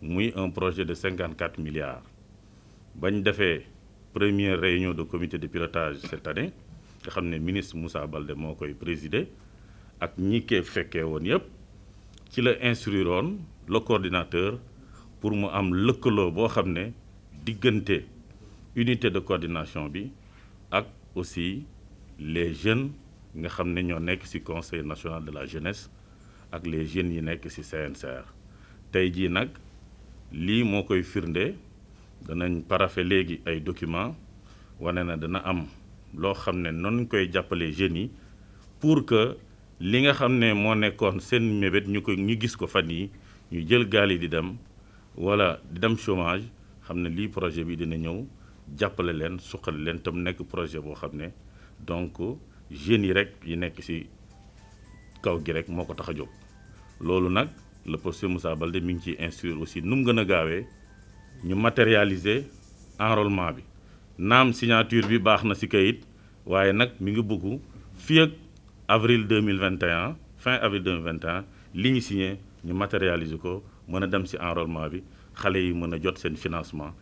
muy un projet de 54 milliards bañ la première réunion du comité de pilotage cette année nga xamné ministre Moussa Baldé mo koy présider ak ñi ké féké won yépp ci le coordinateur pour mu am le boo xam unité de coordination bi ak aussi les jeunes nga xamné ño nek ci conseil national de la jeunesse ak les jeunes qui sont ci CNCR tay li moo koy firnde danañ parafe léegi ay documents wane dana am loo xam ne noonu koy jàppale jeunes yi pour que li nga xam ne moo nekkoon seen mébét ñu ko ñu gis ko fan ñu jël gaal yi di dem wala di dem chômage xam ne lii projet bi dina ñëw jàppale leen suqal leen tam nekk projet boo xam ne donc jeunes yi rek yi nekk ci kaw gi rek moo ko tax a jóg le professeur Moussa Baldé mingi instruire aussi Nous gëna nous matérialiser enrôlement bi signature bi baxna ci kayit waye nak mi ak avril 2021 fin avril 2021 li ñi signé ñu matérialiser ko enrôlement bi financement